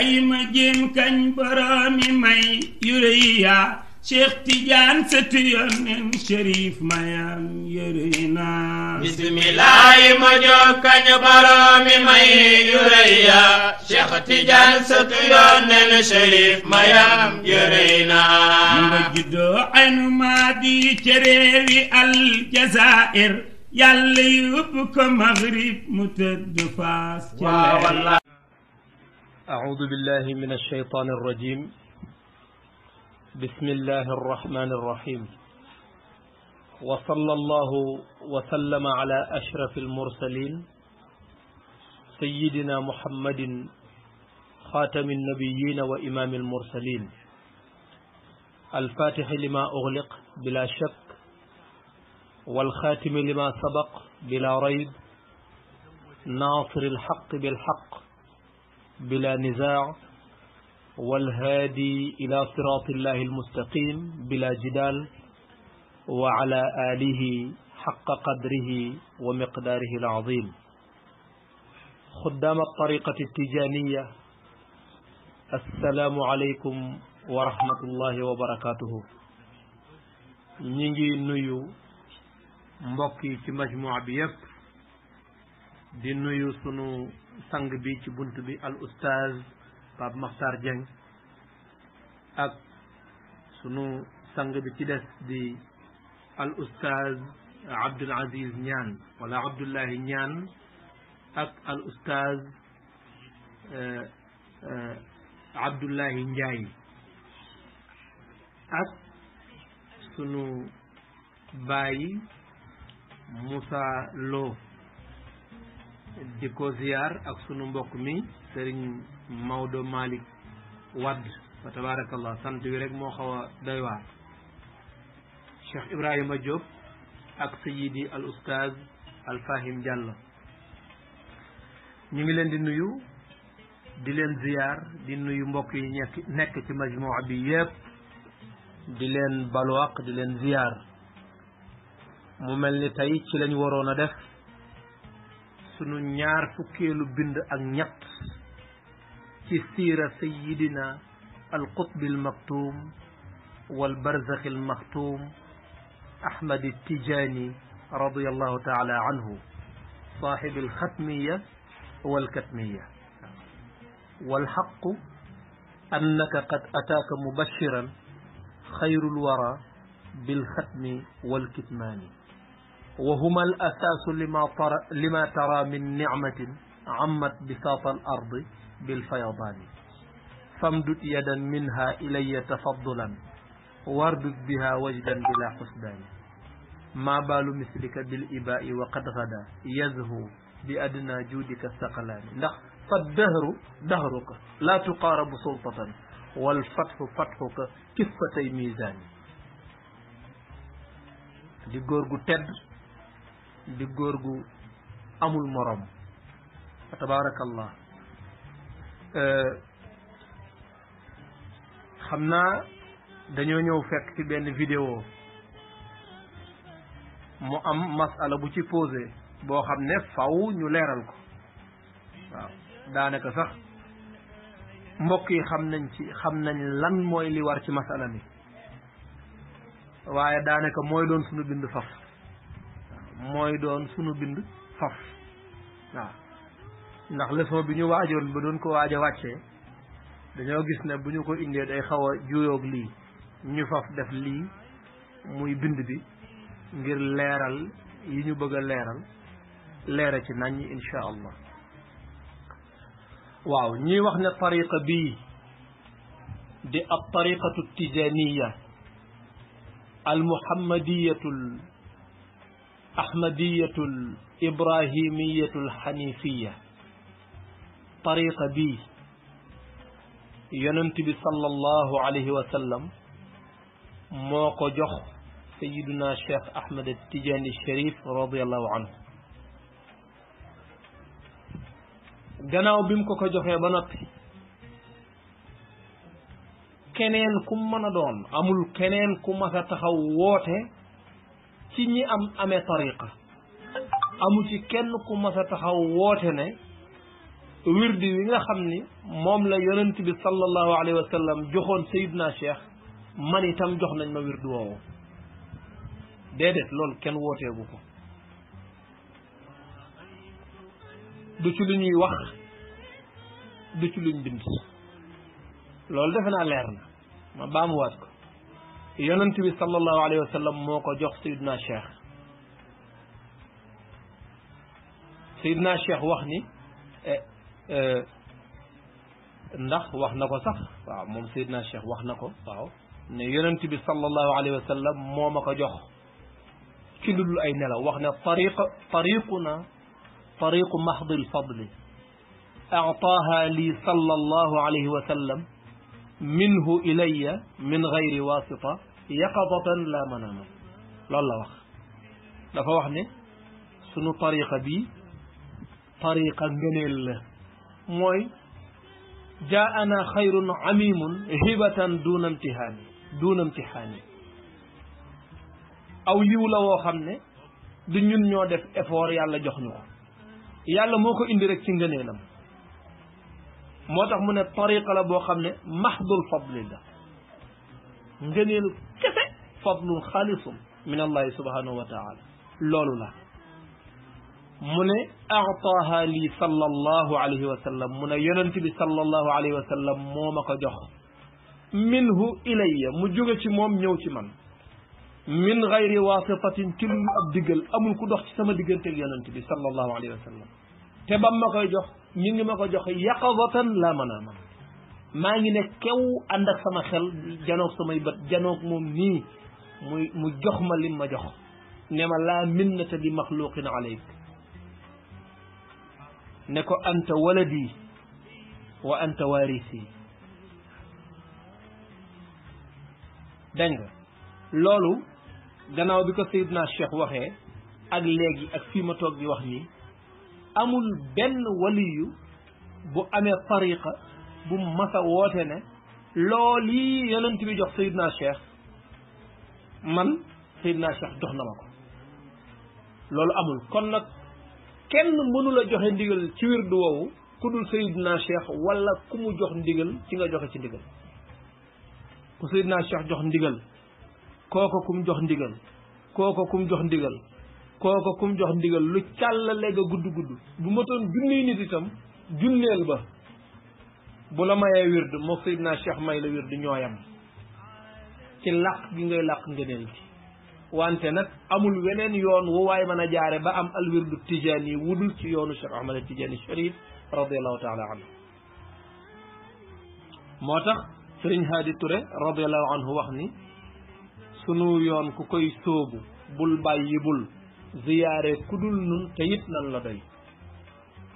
bàyyi ma jéem kañ boroomi may yuréyi yaa Cheikh Tidiane sëtu yónneen Chérif mayam yërëy naa bismilaayi ma jóg kañ boroomi may yuréyi yaa Cheikh Tidiane sëtu yónneen Chérif mayam yërëy naa ma juddoo aynu maa di cëréewi Aljazaïr yàlla yóbbu ko Maghrib mu tëdd Faas أعوذ بالله من الشيطان الرجيم بسم الله الرحمن الرحيم وصلى الله وسلم على أشرف المرسلين سيدنا محمد خاتم النبيين وإمام المرسلين الفاتح لما أغلق بلا شك والخاتم لما سبق بلا ريب ناصر الحق بالحق بلا نزاع والهادي إلى صراط الله المستقيم بلا جدال وعلى آله حق قدره ومقداره العظيم خدام الطريقة التجانية السلام عليكم ورحمة الله وبركاته نيجي نيو مبكي في مجموعة بيب دي نيو سنو sang bi ci buntu bi al ustaz bab makhtar jeng ak sunu sang bi ci dess di al ustaz abdul aziz nyan wala abdullah nyan ak al ustaz eh, eh abdullah njay ak sunu bayi musa lo di ko ziyaar ak sunu mbokk mi sëriñ Maodo Malick Wadd fa tabaarakallah sant wi rek moo xaw a doy waar Cheikh Ibrahima Diop ak sayidi al oustaz al Fahim Diallo ñu ngi leen di nuyu di leen ziyaar di nuyu mbokk yi nekk nekk ci majmua bi yépp di leen baluwaq di leen ziyaar mu mel ni tey ci lañ waroon a def سنو نيار فكيلو بند ak ñett ci سيرة سيدنا القطب المكتوم والبرزخ المختوم أحمد التجاني رضي الله تعالى عنه صاحب الختمية والكتمية والحق أنك قد أتاك مبشرا خير الورى بالختم والكتمان وهما الأساس لما, لما ترى من نعمة عمت بساط الأرض بالفيضان فامدد يدا منها إلي تفضلا واردد بها وجدا بلا حسدان ما بال مثلك بالإباء وقد غدا يزهو بأدنى جودك الثقلان فالدهر دهرك لا تقارب سلطة والفتح فتحك كفتي ميزان دي غورغو تيد di góor gu amul moroom fa euh, xam naa dañoo ñëw fekk ci benn vidéo mu am masala bu ci posé boo xam ne faw ñu leeral ko waaw daanaka sax mbokk yi xam nañ ci xam nañ lan mooy li war ci masala mi waaye daanaka mooy doon suñu bind faf mooy doon suñu bind faf waaw ndax leçon bi ñu waajoon ba doon ko waaj a wàccee dañoo gis ne bu ñu ko indee day xaw a juyoog lii ñu faf def lii muy bind bi ngir leeral yi ñu bëgg a leeral leera ci nañ insha allah waaw ñuy wax ne tariqa bii di ab tariqatu tijaaniya al muhammadiyatu أحمدية الإبراهيمية الحنيفية طريقة بي يننت صلى الله عليه وسلم موكو جخ سيدنا الشيخ أحمد التجاني الشريف رضي الله عنه gannaaw bi mu ko ko joxee ba noppi keneen ku mën a doon amul keneen ku mas a taxaw woote ci ñi am amee tariqa amu ci kenn ku mas a taxaw woote ne wirdi wi nga xam ni moom la yonent bi sallallahu alayhi wa sallam joxoon sayidna cheikh man itam jox nañ ma wirdu woowu déedéet loolu kenn wooteegu ko du ci lu ñuy wax du ci luñ bind loolu defe naa leer na ma baamuwaat ko yonent bi sallallahu alayhi wa sallam moo ko jox sayidna cheikh sayidna cheikh wax ni ndax wax na ko sax waaw moom sayidna cheikh wax na ko waaw ne yonent bi sallallahu alayhi wa sallam moo ma ko jox ci lu dul ay nelaw wax ne tariq tariquna tariqu mahdi lfadli أعطاها لي صلى الله عليه وسلم منه إلي من غير واسطة yaqadatan la manaama loolu la wax dafa wax ne sunu tariqa bi tariqa ngëneel la mooy jaana xayrun amimun hibatan duuna imtihaani duuna imtihaani aw yiw la woo xam ne du ñun ñoo def effort yàlla jox ñu ko yàlla moo ko indi rek ci ngëneelam moo tax mu ne tariqa la boo xam ne mahdul fadli la ngeenel kese fadlun xaalisum min allah subhanahu wa taala lolou la mune a'taha li sallallahu alayhi wa sallam mune ne bi sallallahu alayhi wa sallam momako jox minhu ilayya mu jóge ci mom ñëw ci man min ghayri wasifatin ci lu ab diggal amul ku dox ci sama digganteeg yonent bi sallallahu alayhi wa sallam te bam makoy jox mi ngi ma jox yaqadatan la manaama maa ngi ne kew ànd ak sama xel janoog samay bët janoog moom nii muy mu jox ma lim ma jox ne ma laa minnata li maxluqin alayk ne ko anta waladi wa anta waarisi dégg nga loolu gannaaw bi ko sayidna cheikh waxee ak léegi ak fii ma toog di wax nii amul benn waliyu bu amee tariqa bu masa woote ne lool yi yonent bi jox naa Cheikh man Seydina Cheikh jox na ma ko loolu amul kon nag kenn mënula joxe ndigal ci wirdu woowu ku dul Seydina Cheikh walla ku mu jox ndigal ci nga joxe ci ndigal ku Seydina Cheikh jox ndigal kooko kum jox ndigal kooko kum jox ndigal kooko kum jox ndigal lu càll léegi gudd gudd bu matoon junniy nit itam junneel ba bu la mayee wird mook Seydina Cheikh may la wird ñooyam ci làq gi ngay làq ngëneel gi wante nag amul weneen yoon wu waay mën a jaare ba am al alwirdu tijaani wudul ci yoonu Cheikh Ahmad Tijaani Sharif radiallahu taala anhu moo tax Sëriñ Haadi Touré radiallahu anhu wax ni sunu yoon ku koy sóobu bul bàyyi bul ziyaare kudul nun te it la doy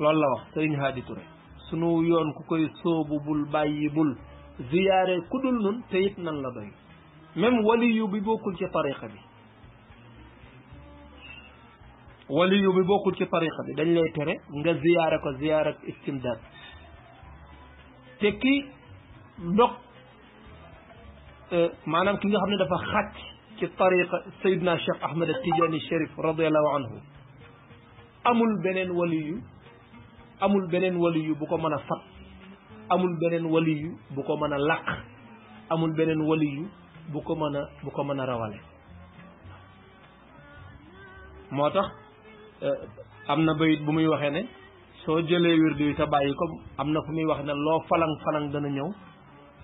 loolu la wax Sëriñ Haadi Touré sunu yoon ku koy sóobu bul bàyyi bul ziyaare ku dul nun te nan la doy même waliyu bi bokkul ci tariqa bi waliyu bi bokkul ci tariqa bi dañ lay tere nga ziyaare ko ziyaare ak istimdaad te ki dog euh, maanaam ki nga xam ne dafa xàcc ci tariqa Seydina Cheikh Ahmed Tidiane Chérif radiallahu anhu amul beneen waliyu amul beneen waliyu bu ko mën a fat amul beneen waliyu bu ko mën a làq amul beneen waliyu bu ko mën a bu ko mën a rawale moo tax euh, am na bayit bu muy waxee ne soo jëlee wirdu yi sa bàyyi ko am na fu muy wax ne loo falang-falang dana ñëw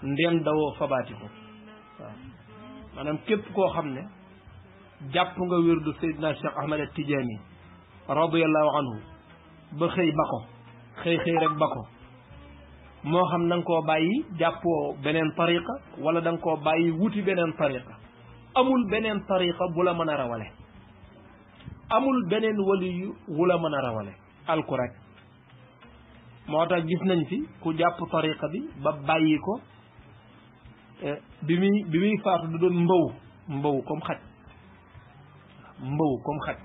ndeen dawoo fabaati ko waaw maanaam képp koo xam ne jàpp nga wirdu Seydina Cheikh Ahmed Tidiane radiyallahu anhu ba xëy ba ko xëy xëy rek ba ko moo xam da koo bàyyi jàppoo beneen tariqa wala da koo bàyyi wuti beneen tariqa amul beneen tariqa bu la mën a rawale amul beneen waliyu wu mën a rawale alku rek moo tax gis nañ fi ku jàpp tariqa bi ba bàyyi ko eh, bi muy bi muy faatu du doon mbaw mbaw comme xaj mbaw comme xaj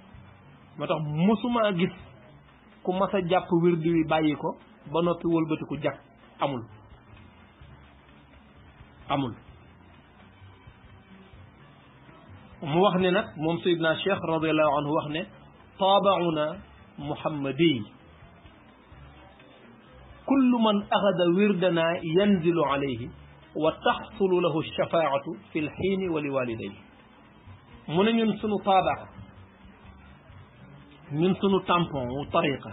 moo tax mësuma gis ku mas jàpp wirdu wi bayiko ba nopi wolbeuti ku jàpp amul amul mu wax ne nak mom sayyidna cheikh radiyallahu anhu wax ne tabauna muhammadi كل من أخذ وردنا ينزل عليه وتحصل له الشفاعة في الحين ولوالديه من ينسن طابعه ñun sunu tampon wu tariqa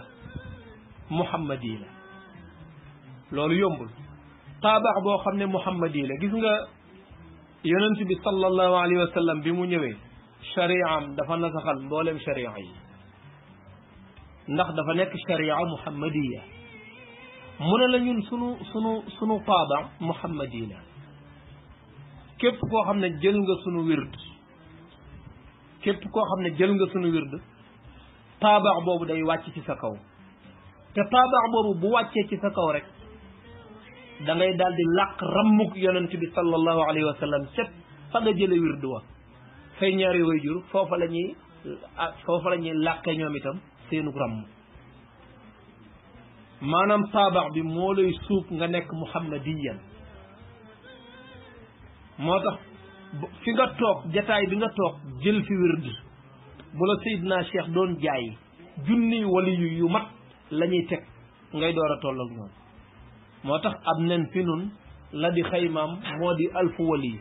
muhammadi la loolu yombul taabax boo xam ne muhammadi la gis nga yonent bi sallallahu alayhi wa sallam bi mu ñëwee shari'am dafa nasaxal mboolem shari'a yi ndax dafa nekk shari'a muhammadiya mu ne la ñun sunu sunu sunu taaba muhammadi képp koo xam ne jël nga sunu wird képp koo xam ne jël nga sunu wird paabax boobu day wàcc ci sa kaw te paabax boobu bu wàccee ci sa kaw rek dangay ngay daal di làq rammuk yonent bi sallallahu alayhi wa sallam set fa nga jële wirdu wa say ñaari wayjur foofa la ñuy ah, foofa la ñuy làqee ñoom itam seenuk ramm maanaam paabax bi moo lay suub nga nekk muhammadiyan moo tax fi nga toog jataay bi nga toog jël fi wird bu la Seydina Cheikh doon jaay junniy waliyu yu mat la ñuy teg ngay door a tolloog ñoom moo tax ab nen fi nun la di xaymaam moo di alfu waliyu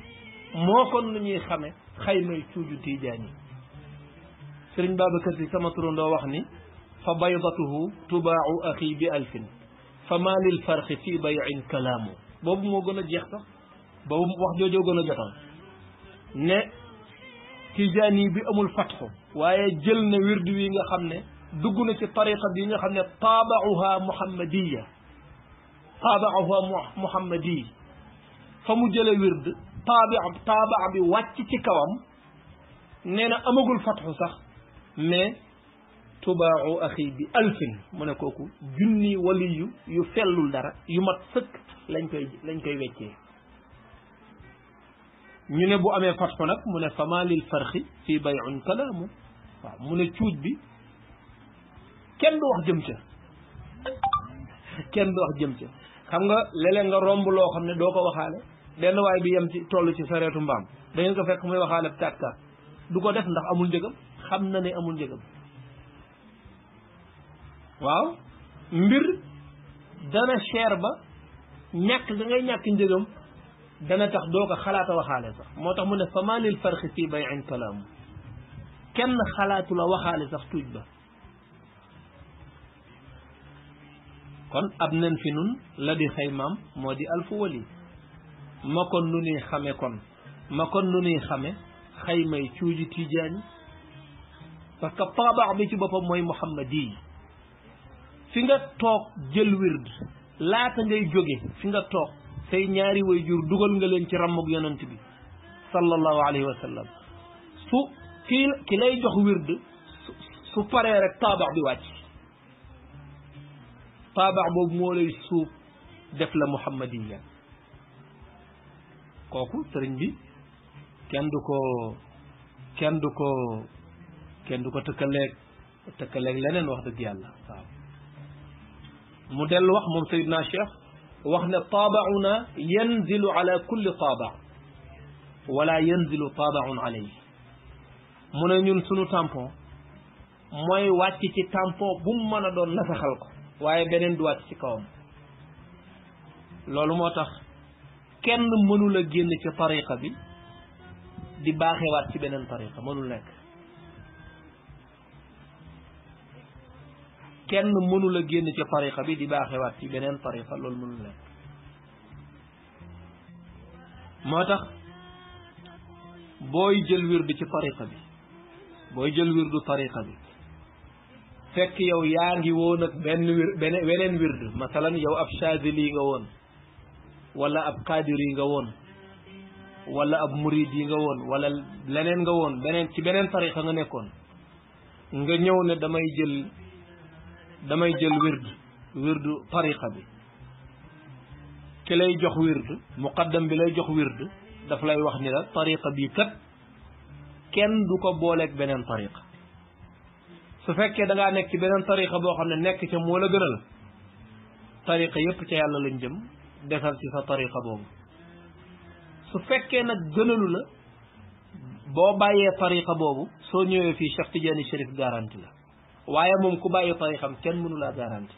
moo kon lu ñuy xame xaymay cuuju tiijaan yi sëriñ Babacar Si sama turandoo wax ni fa baydatuhu tubaau axi bi alfin fa maa lil farqi fii kalaamu boobu moo gën a jeex sax boobu wax joojoo gën a jotal ne tijani bi amul fatxu waaye jël na wirdu wi nga xam ne dugg na ci tariqa bi nga xam ne taabacuha muhammadiya taabacuha muhammadiy fa mu jële wird taabi taabac bi wàcc ci kawam nee na amagul fatxu sax mais tubaacu axi bi alfin mu ne kooku junni waliyu yu fellul dara yu mat sëkk lañ koy lañ koy weccee ñu ne bu amee fatxu nag mu ne fama lil farxi fii bayun kalaamu waaw mu ne cuuj bi kenn du wax jëm ca kenn du wax jëm ca xam nga léeg nga romb loo xam ne doo ko waxaale benn waay bi yam ci toll ci sareetu mbaam da ngeen ko fekk muy waxaale kat kat du ko def ndax amul njëgam xam na ne amul njëgam waaw mbir dana cher ba ñàkk da ñàkk njëgam dana tax doo ko xalaata waxaale sax moo tax mu ne famaanil farxi fii bay an kalaamu kenn xalaatu la waxaale sax tuuj ba kon ab nen fi nun la di xëy maam moo di alfu wali ma kon nu nuy xame kon ma kon nu nuy xame xëy may cuuji tijaani parce que paabax bi ci boppam mooy muhammad yi fi nga toog jël wird laata ngay jóge fi nga toog say ñaari way jur dugal nga leen ci ràmmug yonent bi su ki lay jox wird su paree rek taabax bi wàcc taabax boobu moo lay def la muhammadiya kooku sëriñ bi kenn du ko kenn du ko kenn du ko tëkkaleeg tëkkaleeg leneen wax dëgg yàlla mu dellu wax moom Seydina Cheikh wax ne taabauna yanzilu ala kulli taaba wala yanzilu taabaun alayhi mu ne ñun sunu tampon mooy wàcc ci tampon bu mu mën a doon nasaxal ko waaye beneen du wàcc ci kawam loolu moo tax kenn mënul a génn ci tariqa bi di baaxewaat ci beneen tariqa mënul nekk kenn mënul a génn ci tariqa bi di baaxewaat ci beneen tariqa loolu mënul nekk moo tax booy jël wirdu ci tariqa bi booy jël wirdu tariqa bi fekk yow yaa ngi woon ak benn wir beneen weneen wirdu masalan yow ab chazili nga woon wala ab qadiri nga woon wala ab murid yi nga woon wala leneen nga woon beneen ci beneen tariqa nga nekkoon nga ñëw ne damay jël damay jël wird wirdu tariqa bi ki lay jox wird muqaddam bi lay jox wird daf lay wax ni la tariqa bii kat kenn du ko booleek beneen tariqa su fekkee da ngaa nekk ci beneen tariqa boo xam ne nekk ca moo la gënal tariqa yépp ca yàlla lañ jëm defal ci sa tariqa boobu su fekkee nag gënalu la boo bàyyee tariqa boobu soo ñëwee fii Cheikh Tidiane Chérif garanti la waye mom ku baye tarixam ken munu la garanti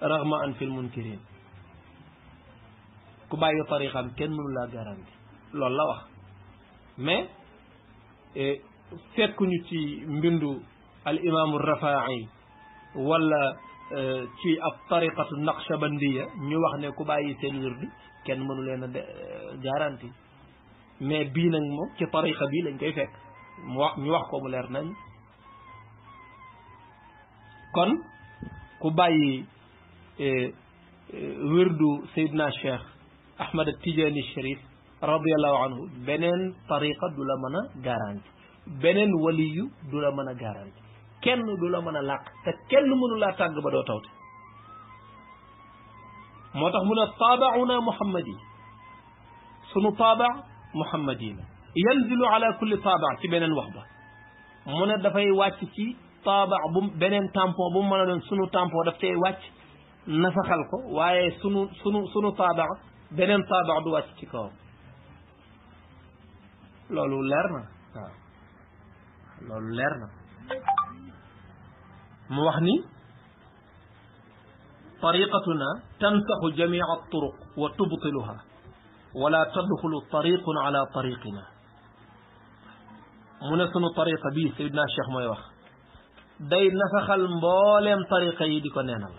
rahma an fil munkirin ku baye tarixam ken munu la garanti lol la wax mais e fekku ñu ci mbindu al imaamu rafa'i wala ci ab tariqatu naqshbandiya ñu wax ne ku baye sen wirdi ken munu leena leen garanti mais bi nak moom ci tariqa bi lañ koy fek ñu wax ko mu leer nañ kon ku bàyyi wirdu sayidna cheikh ahmad tijani sharif radiallahu anhu beneen tariqa du la mën a garanti beneen waliyu du la mën a garanti kenn du la mën a làq te kenn mënu laa tàgg ba doo tawte moo tax mu ne taabauna muhammadi sunu taaba muhammadi la yanzilu ala kulli taaba ci beneen wax ba mu ne dafay wàcc ci طابع بنن تامبو بوم مانا دون سونو تامبو داف تي واتش نفخال كو وايي سونو سونو سونو طابع بنن طابع دو واتش تي كو لولو ليرنا لولو ليرنا مو وخني طريقتنا تنسخ جميع الطرق وتبطلها ولا تدخل طريق على طريقنا من سنو طريقه بي سيدنا الشيخ ما يوخ day nasaxal mbooleem tariqa yi di ko neenal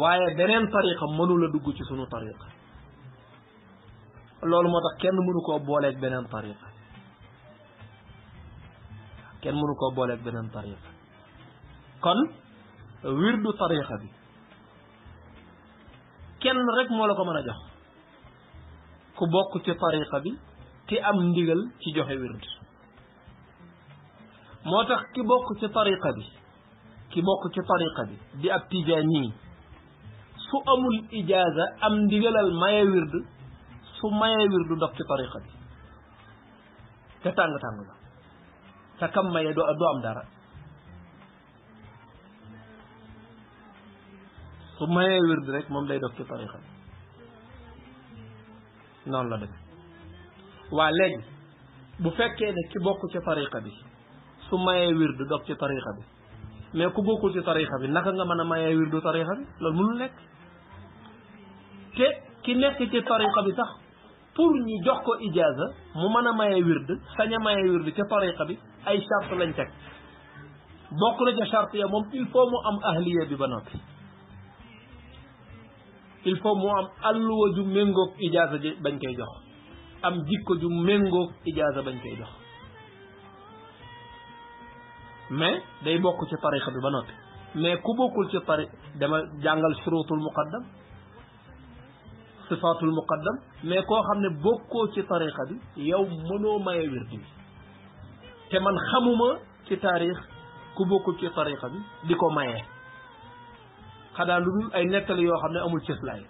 waaye beneen tariqa mënula dugg ci sunu tariqa loolu moo tax kenn mënu koo booleeg beneen tariqa kenn mënu koo booleeg beneen tariqa kon wirdu tariqa bi kenn rek moo la ko mën a jox ku bokk ci tariqa bi te am ndigal ci joxe wird moo tax ki bokk ci tariqa bi ki bokk ci tariqa bi di ab tijaani su amul ijaaza am ndigalal maye wird su maye wird du ci tariqa bi te tàng-tàng la te kam maye doo doo am dara su maye wird rek moom day dox ci tariqa bi noonu la dem waa léegi bu fekkee ne ki bokk ci tariqa bi su mayee wird du dox ci tarixa bi mais ku bokkul ci tarixa bi naka nga mën a mayee wirdu tarixa bi loolu munu nekk te ki nekk ci tarixa bi sax pour ñi jox ko ijaaza mu mën a mayee wird sañ a mayee wird ca tarixa bi ay charte lañ teg bokk na ca charte ya moom il faut mu am ahliya bi ba noppi il faut mu am alluwa ju méngoog ijaaza bañ koy jox am jikko ju méngoog ijaaza bañ koy jox mais day bokk ci tariqa bi ba noppi mais ku bokkul ci tari dama jàngal surutul muqaddam sifaatul muqaddam mais koo xam ne bokkoo ci tariqa bi yow mënoo maye wirdi te man xamuma ci taarix ku bokkul ci tariqa bi di ko maye xanaa lu dul ay nettali yoo xam ne amul cëslaay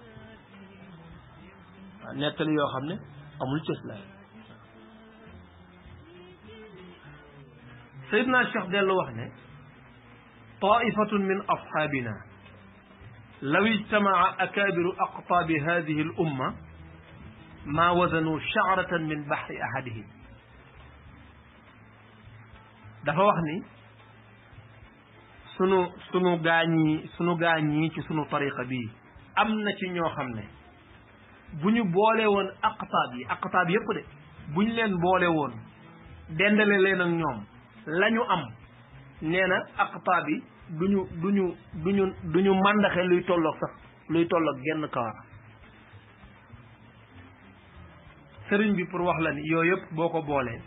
waaw nettali yoo xam ne amul cëslaay سيدنا الشيخ قال له طائفة من أصحابنا لو اجتمع أكابر أقطاب هذه الأمة ما وزنوا شعرة من بحر أحدهم دفع وحني سنو سنو غاني سنو غاني تي سنو طريقة بي أمنا تي نيو خمنا بني بولي وان أقطابي أقطابي يقول بني لين بولي وان دندل لين نيوم la ñu am nee na aqta bi duñu duñu duñu duñu màndaxe luy tolloog sax luy tollook genn kawar sëriñ bi pour wax la ni yooyu yëpp boo ko boolee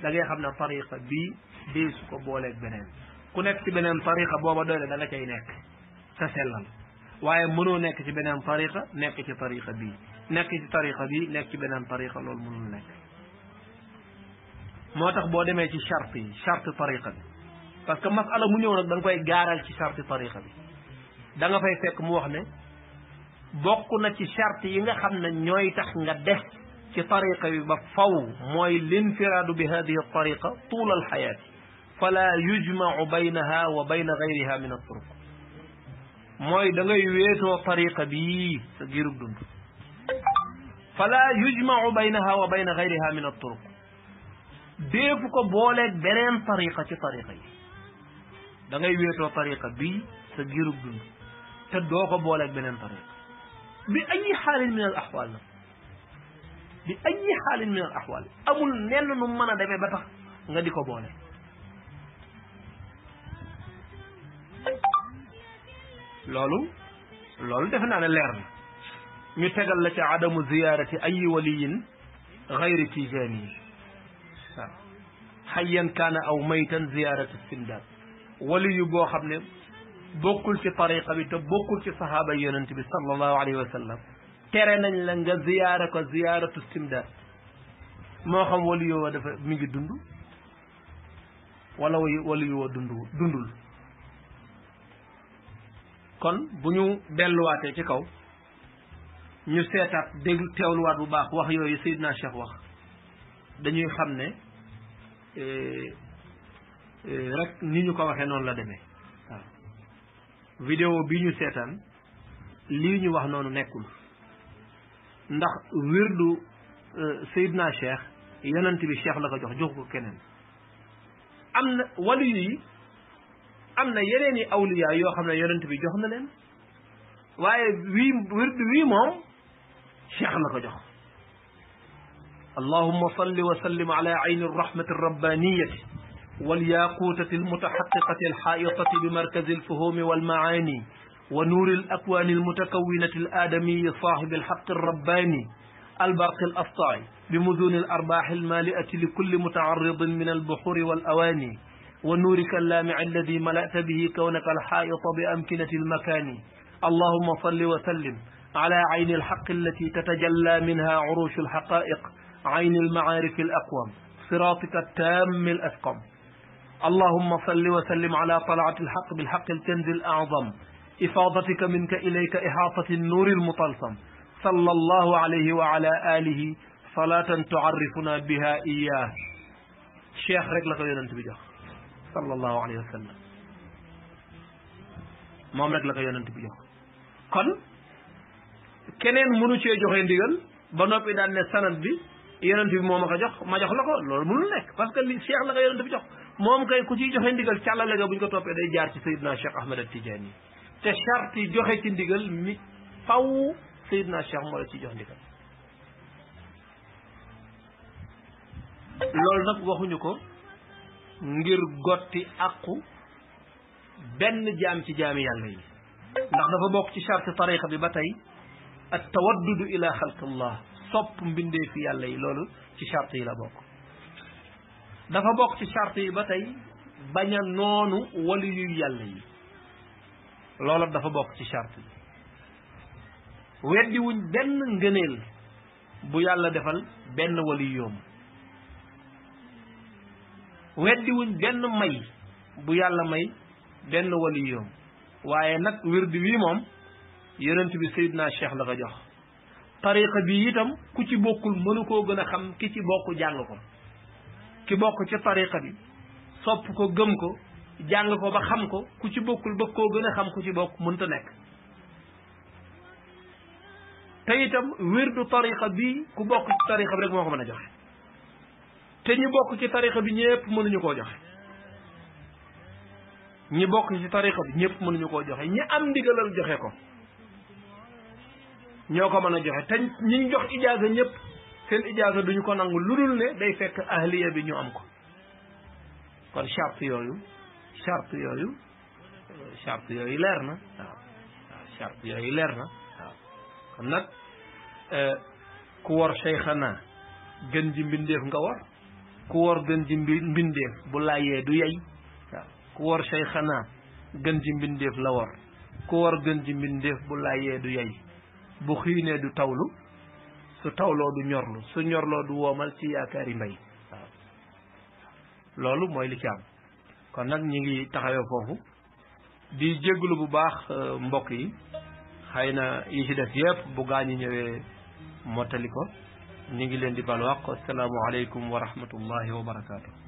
da ngay xam ne tariqa bii dee su ko booleeg beneen ku nekk ci beneen tariqa booba doy la da nga cay nekk sa sellal waaye mënoo nekk ci beneen tariqa nekk ci tariqa bii nekk ci tariqa bii nekk ci beneen tariqa loolu mënul nekk moo tax boo demee ci charte yi charte tariqa bi parce que masala mu ñëw nag da nga koy gaaral ci charte tariqa bi da nga fay fekk mu wax ne bokku na ci charte yi nga xam ñoy tax nga def ci tariqa bi ba faw mooy linfiraadu bi hadihi tariqa tuula alxayaati fala yujmacu baynaha wa bayna gayriha min alturuq mooy da ngay wéetoo tariqa bii sa girub dund fala yujmacu baynaha wa bayna gayriha min alturuq deefu ko booleeg beneen tariqa ci tariqa yi da ngay wéetoo tariqa bii sa girub dund te doo ko booleeg beneen tariqa bi ayi xaalin min al axwaal nag bi ayi xaalin min al axwaal amul nenn nu mën a demee ba tax nga di ko boole loolu loolu defe naa ne leer na ñu tegal la ci adamu ziyaarati ayi waliyin gayri tijaani ihsan hayyan kaana aw maytan ziyaaratu istimdaad wali boo xam ne bokkul ci tariqa bi te bokkul ci sahaaba yonent bi sallallahu alayhi wa sallam tere nañ la nga ziyaara ko ziyaaratu istimdaad moo xam wali yoo dafa mi ngi dund wala wali yoo dund dundul kon bu ñu delluwaatee ci kaw ñu seetaat déglu teewluwaat bu baax wax yooyu Seydina Cheikh wax dañuy xam ne euh, euh, rek ni ñu ko waxee noonu la demee waaw vidéo bi ñu seetaan li ñu wax noonu nekkul ndax wirdu euh, Seydina Cheikh yonent bi Cheikh la ko jox jox ko keneen am na walu yi am na yeneen i awliya yoo xam ne yonent bi jox na leen waaye wii wirdu wii moom Cheikh la ko jox اللهم صل وسلم على عين الرحمة الربانية والياقوتة المتحققة الحائطة بمركز الفهوم والمعاني ونور الأكوان المتكونة الآدمي صاحب الحق الرباني البرق الأسطعي بمذون الأرباح المالئة لكل متعرض من البحور والأواني ونورك اللامع الذي ملأت به كونك الحائط بأمكنة المكان اللهم صل وسلم على عين الحق التي تتجلى منها عروش الحقائق عين المعارف الأقوم صراطك التام الأسقم اللهم صل وسلم على طلعة الحق بالحق الكنز الأعظم إفاضتك منك إليك إحاطة النور المطلسم صلى الله عليه وعلى آله صلاة تعرفنا بها إياه شيخ رجل لك أنت بجاه صلى الله عليه وسلم moom rek la ko yonent bi jox kon keneen mënu cee joxe ndigal ba noppi yonent bi moo ko jox ma jox lako lolou munu nek parce que li cheikh la ko yonent bi jox mom kay ku ci joxe ndigal càllale ga buñ ko topé day jaar ci sayyidna cheikh ahmed al tidiane te charte joxe ci ndigal mi faw sayyidna cheikh mo la ci jox ndigal lolou nak waxuñu ko ngir gotti akku ben jam ci jaami yàlla yi ndax dafa bok ci charte tariqa bi batay tey التودد إلى خلق الله sopp mbindeefi yàlla yi loolu ci charte yi la bokk dafa bokk ci charte yi ba tey bañ a noonu wali yàlla yi loola dafa bokk ci charte yi weddiwuñ benn ngëneel bu yàlla defal benn wali yoom weddiwuñ benn may bu yàlla may benn wali yoom waaye nag wirdi wii moom yonent bi Seydina Cheikh la ko jox tariqa bi itam ku ci bokkul mënu koo gën a xam ki ci bokk jàng ko ki bokk ci tariqa bi sopp ko gëm ko jàng ko ba xam ko ku ci bokkul bëgg koo gën a xam ku ci bokk mënta nekk te itam wirdu tariqa bi ku bokk ci tariqa bi rek moo ko mën a joxe te ñi bokk ci tariqa bi ñëpp mënuñu koo joxe ñi bokk ci tariqa bi ñëpp mënuñu koo joxe ñi am ndigalal joxe ko ñoo ko mën a joxe te ñi jox ijaaza ñëpp seen ijaaza duñu ko nangu lu dul ne day fekk ahliya bi ñu am ko kon charte yooyu charte yooyu charte yooyu leer na waaw waaw charte yooyu leer na waaw kon nag euh, ku war cheikhana gën ji mbindeef nga war ku war gën ji mbindeef bu layee du yey waaw ku war cheikhana gën ji mbindeef la war ku war gën ji mbindeef bu layee du yey bu xiinee du tawlu su tawloo du ñorlu su ñorloo du woomal ci yi mbay loolu mooy li ci kon nag ñi ngi taxawee foofu di jéglu bu baax euh, mbokk yi xëy na yi ci def yëpp bu gaañu ñëwee mottali ko ñu ngi leen di balwaq asalaamu aleykum wa rahmatullahi wa barakaatu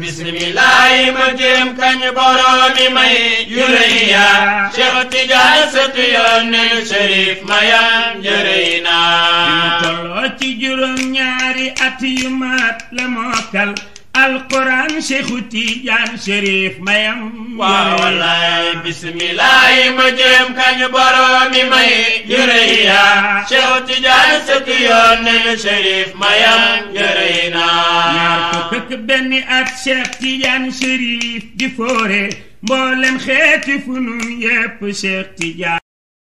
bismillahi ma jéem kañ boroomi may yu rëy ya Cheikh Tidiane sëtu Yonent Cherif mayam jërëy naa. tolloo ci juróom ñaari at yu maat la mokkal. alquran Seexu Tijaan Sëriif mayam waaw wallaay bismillaahi ma jéem kañu boroomi may jërëya Seexu Tijaan sëkk yoon nañu Sëriif mayam jërëy naa ñaar ko fekk benn at Seex Tijaan di foore mboolem xeeti fu nu yépp